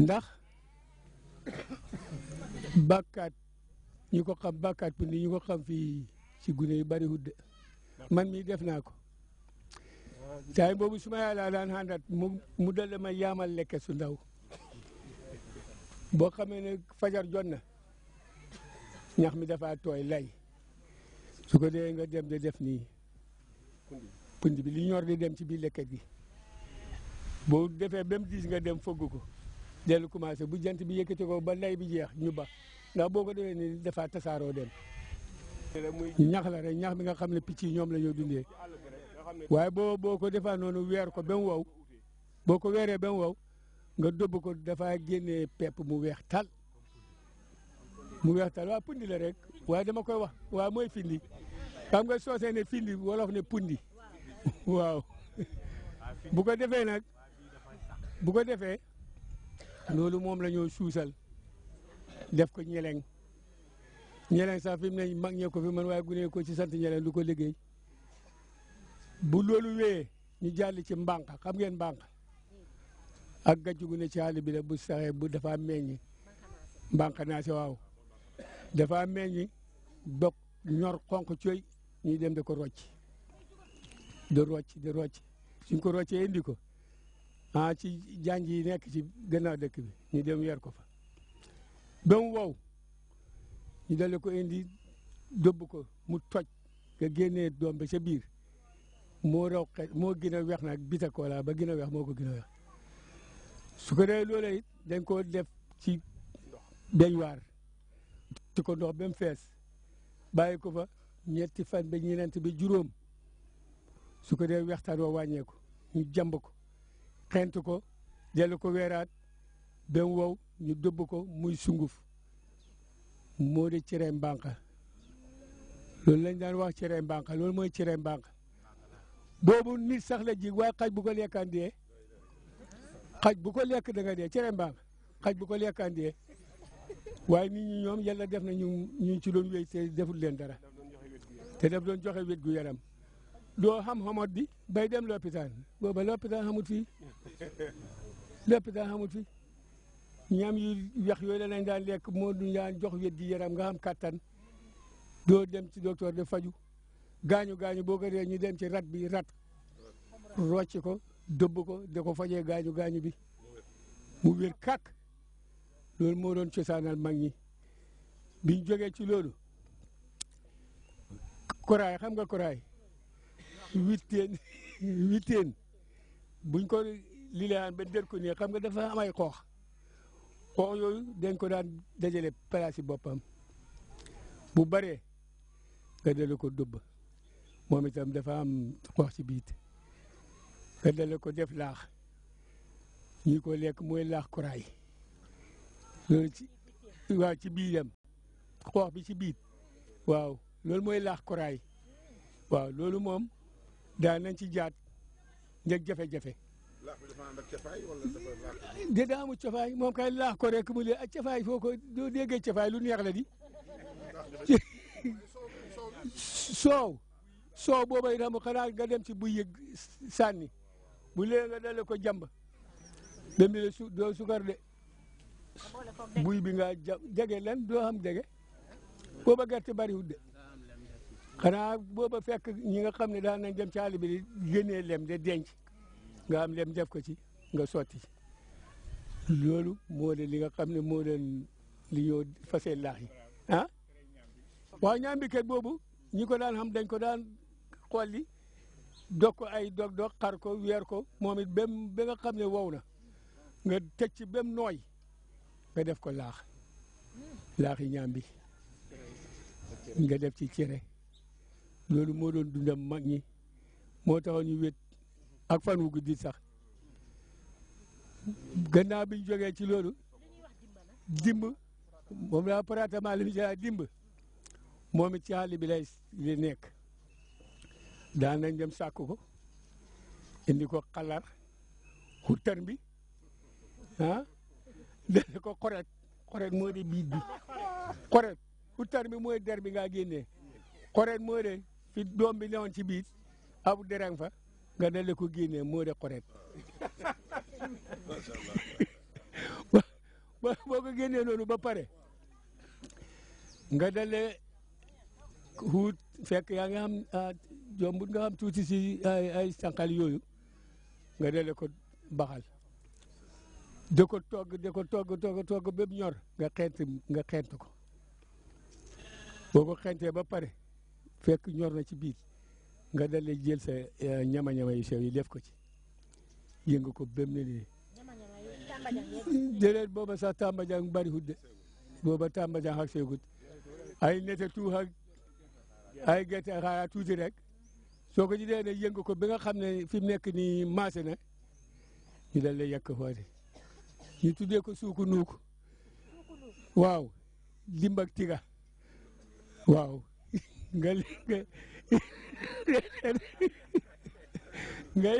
ndax bàkkaat ñu ko xam bàkkaat bu ni ñu ko xam fii ci gune yu bari wut de man mii def naa ko taay boobu su ma yàlla daan xàndat mu mu dal ma yaamal lekke su ndaw boo xamee ne fajar jot na ñax mi dafa tooy lay su ko dee nga dem di def nii pundi bi li ñor di dem ci biir lekket gi boo defee ba mu diis nga dem fogg ko dellu commencé bu jant bi yëkkati ko ba lay bi jeex ñu ba ndax boo ko defee nii dafa tasaaroo dem ñax la rek ñax bi nga xam ne picc yi ñoom la ñoo dundee waaye boo boo ko defaa noonu weer ko ba mu boo ko weeree ba mu wow nga dëbb ko dafa génne pepp mu weex tal mu weex tal waa pundi la rek waaye dama koy wax waaw mooy findi xam nga soosee ne findi wolof ne pundi waaw bu ko defee nag bu ko defee loolu moom la ñoo suusal def ko ñeleŋ ñeleŋ sa fi mu ne mag ñee ko man waaye gunee ko ci sant ñeleŋ lu ko liggéey bu loolu wéyee ñu jàll ci mbànq kam ngeen mbànq ak gàcce gu ci àll bi la bu saxee bu dafa meññi mbànq naa si dafa meññi dog ñor xonq cooy ñuy dem di ko rocc di rocc di rocc suñ ko roccee di ko ah ci janj yi nekk ci gannaaw dëkk bi ñu dem yer ko fa ba wow ñu dale ko indi dëbb ko mu toj nga génnee doom ba ca biir moo raw xet moo gën a weex nag bita kola ba gën a weex moo ko gën a weex su ko dee loola it dañ ko def ci beñwaar ci ko ndox ba fees bàyyi ko fa ñetti fan ba ñeent ba juróom su ko dee weextaan wa wàññeeku ñu jàmb ko xent ko dellu ko weeraat ba wow ñu dëbb ko muy sunguf moo di cere mbànq loolu lañ daan wax cere mbànq loolu mooy cere mbànq boobu nit sax la ji waaye xaj bu ko lekkaan dee xaj bu ko lekk da nga dee cere mbànq xaj bu ko lekkaan dee waaye nit ñi ñoom yàlla def na ñu ñu ci doon wéy te deful leen dara te daf doon joxe wét gu yaram doo xam xamot bi bay dem lopitaan booba lopitaan xamut fii lopitaan xamut fii ñam yi yax yooyu lañ daan lekk moo du daan jox wér gi yaram nga xam kattan doo dem ci docteur de faju gaañu gaañu boo ko dee ñu dem ci rat bi rat rocc ko dëbb ko da ko fajee gaañu gaañu bi mu wér kàkk loolu moo doon cosaanal mag ñi biñ jógee ci loolu koraay xam nga koraay witteen witteen buñ ko lilayaan ba dér ko nii xam nga dafa am ay xoox xoox yooyu dañ ko daan dajale place yi boppam bu baree ga dale ko dubb moom itam dafa am xoox ci biit nga dale ko def laax ñi ko lekk mooy laax kuraay loolu ci waaw ci biiram xoox bi ci biit waaw loolu mooy laax kuraay waaw loolu moom daal nañ ci jaat njëg jafe-jafe. laax bi dafa ànd ak de daa amul moom kay laax ko rek mu ne ak cafaay foo ko doo déggee cafaay lu neex la di. soow soow booba itam xanaa nga dem ci bu yëg sànni bu lee nga dale ko jàmb dem bi su doo sukar de buy bi nga jege len doo xam jege booba gerte de xanaa booba fekk ñi nga xam ne daan nañ dem ci àll bi di génnee lem de denc nga am lem def ko ci nga sotti loolu moo de li nga xam ne moo leen li ñoo fasee laax yi ah waaw ñaam bi boobu ñi ko daan xam dañ ko daan xolli dog ko ay dog dog xar ko weer ko moom it bem ba nga xam ne wow na nga teg ci bem nooy nga def ko laax laax yi ñaam nga def ci cere loolu moo doon dundam mag ñi moo taxoon ñu wét ak fan wu guddi sax gannaaw bi ñu ci loolu dimb moom laa pratiquement li ñu jëlaat dimb moom it ci àll bi lay li nekk daan nañ dem sàkk ko indi ko xalar xuttan bi ah ko xoret xoret moo de biig bi xoret xuttan bi mooy der bi ngaa génnee xoret moo de fi doom bi newoon ci biir aw dereng fa nga dale ko génnee moo de xoreet boo ko génnee noonu ba pare nga dale xuut fekk yaa nga xam ah, jombut nga xam tuuti si ay ay yooyu nga dale ko baxal da ko togg da ko togg togg togg bépp ñor nga xeent nga xeent ko boo ko xeentee ba pare fekk ñor na ci biir nga dalee jël sa eh, ñama-ñama yu sew yi def ko ci yëngu ko bem ne nii. déedéet booba sax Tamba Diagne bari hut de booba Tamba Diagne ak seegut ay nete tuux ak ay gerte xaayaa tuuti rek soo ko ci dee ne yëngu ko bi nga xam ne fi mu nekk nii maase na ñu dal lay yàq foote ñu tuddee ko suuku nuuk waaw limb tiga waaw nga nga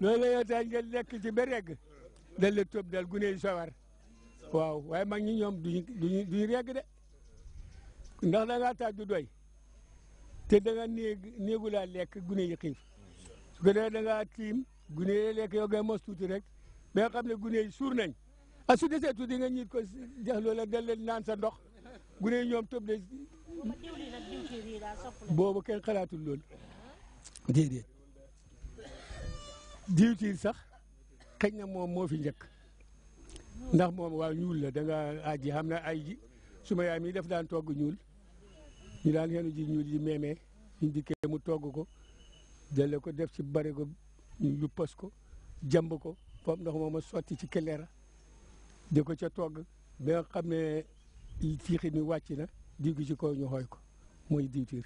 loolu la yow lekk ci ba regg dal la tëb dal gune yi sawar waaw waaye mag ñi ñoom duñu duñu regg de ndax da ngaa taaj du doy te da nga néeg néegu laa lekk gune yi xiif su ko defee da tiim gune lekk yow ngay mos tuuti rek ba xam ne gune yi suur nañ a ah, su desee tuuti nga ñit ko jax loola dal naan sa ndox gune yi ñoom tëb de boobu kenn xalaatul loolu déedéet diwtiir sax xëy na moom moo fi njëkk ndax moom waa ñuul la da nga aji na ay ji suma yaay mii def daan togg ñuul ñu daan xenu ji ñuul ji meemee ñu dikkee mu togg ko jële ko def ci bari ko ñu ko jamb ko foofu ndox moom a sotti ci kelera di ko ca togg ba nga xam ne fiixi mi wàcc na diw gi ci kaw ñu ko mooy diwtiir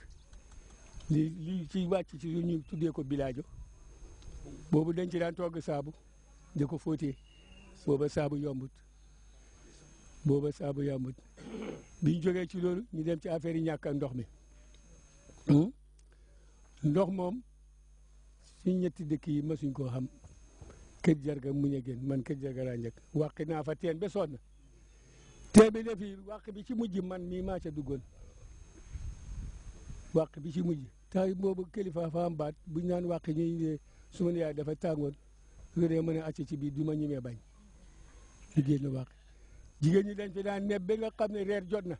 li li ci wàcc ci ñu tuddee ko bilaajo boobu dañ ci daan togg saabu di ko fóotee booba saabu yombut booba saabu yombut biñ jógee ci loolu ñu dem ci affaire yi ñàkk ndox mi hmm? ndox moom si ñetti dëkk yi masuñ koo xam kër jarga muñ a génn man kër jarga laa njëkk wàqi naa fa teen ba sonn te bi ne fii wàq bi ci mujj man mii maa ca duggoon wàq bi ci mujj tax boobu kilifa fa am baat bu ñu naan wàq ñuy su ma yaay dafa tàngoon su dee mën a acc ci biir du ma ñemee bañ di génn wàq jigéen ñi dañ fi daan neb ba nga xam ne reer jot na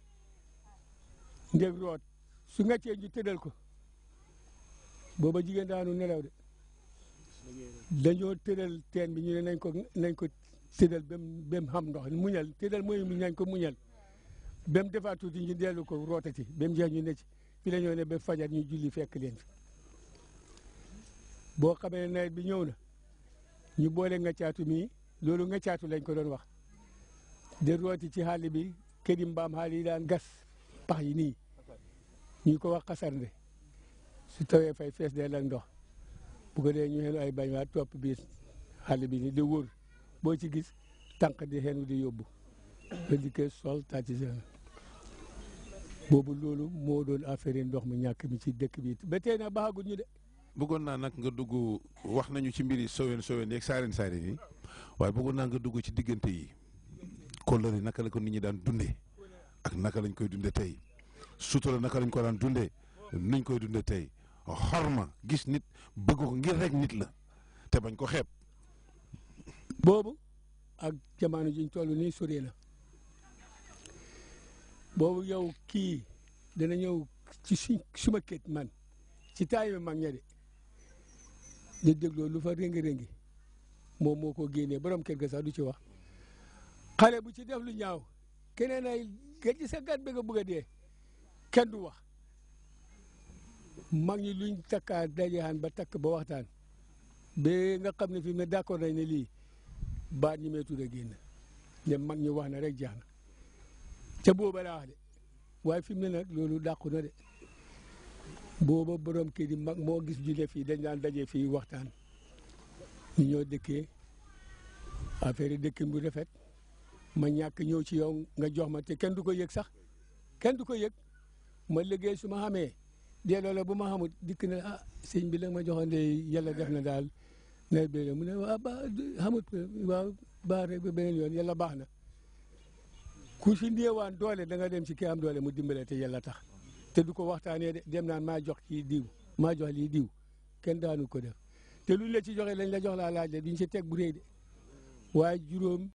ndeg root su nga cee ñu tëddal ko booba jigéen daanu nelaw de dañoo tëral teen bi ñu ne nañ ko nañ ko tëddal ba mu ba mu xam ndox muñal tëddal mooy mu ñañ ko muñal ba mu defaat tuuti ñu dellu ko rootati ba mu jeex ñu ne ci fi la ñoo ne ba fajar ñu julli fekk leen boo xamee nawet bi ñëw na ñu boole nga caatu mii loolu nga caatu lañ ko doon wax de rooti ci xaal bi kër mbaam xaal yi daan gas pax yi nii ñu ko wax xasarnde su tawee fay fees dee ndox bu ko dee ñu xenu ay bañ waa topp biir xaal bi ni di wóor boo ci gis tànk di xenu di yóbbu nga dikkee sol tatiseur boobu loolu moo doon affaire ndox mi ñàkk mi ci dëkk bi ba tey na baaxagul ñu de. bëggoon naa nag nga dugg wax nañu ci mbiri sowen sowen yeeg saareen saareen yi waaye bëggoon naa nga dugg ci diggante yi kóllëre naka la ko nit ñi daan dundee naka lañ koy dundee tey sutura naka lañ ko daan dundee nuñ koy dundee tey xorma gis nit bëgg ko rek nit la te bañ ko xeeb boobu ak jamono jiñ toll nii sori la boobu yow kii dana ñëw ci su suma man ci taay bi mag de ñu dégloo lu fa réngi-réngi moom moo ko génnee borom kër ga sax du ci wax xale bu ci def lu ñaaw keneen ay ga ci sa gat bi nga bëgg a dee kenn du wax mag ñi luñ takkaa dajeexaan ba takk ba waxtaan ba nga xam ne fi mu ne d'accord nañ ne lii baat ñi may tudd a génn ne mag ñu wax na rek jeex na ca booba laa de waaye fi mu ne nag loolu dàqu na de booba borom kii di mag moo gis juge fii dañ daan daje fii waxtaan ñu ñoo dëkkee affaire yi dëkkin bu rafet ma ñàkk ñëw ci yow nga jox ma te kenn du ko yëg sax kenn du ko yëg ma liggéey su ma xamee delloo la bu ma xamul dikk na ah sëñ bi la ma joxoon de def na daal ngay béy rek mu wa waaw baax xamut waaw baax rek ba beneen yoon yàlla baax na ku si ndéewaan doole da nga dem si kii am doole mu dimbale te yàlla tax te du ko waxtaanee de dem naan maa jox kii diw maa jox lii diw kenn daanu ko def te luñ la ci joxe lañ la jox laa laaj de duñ si teg bu rëy de waaye juróom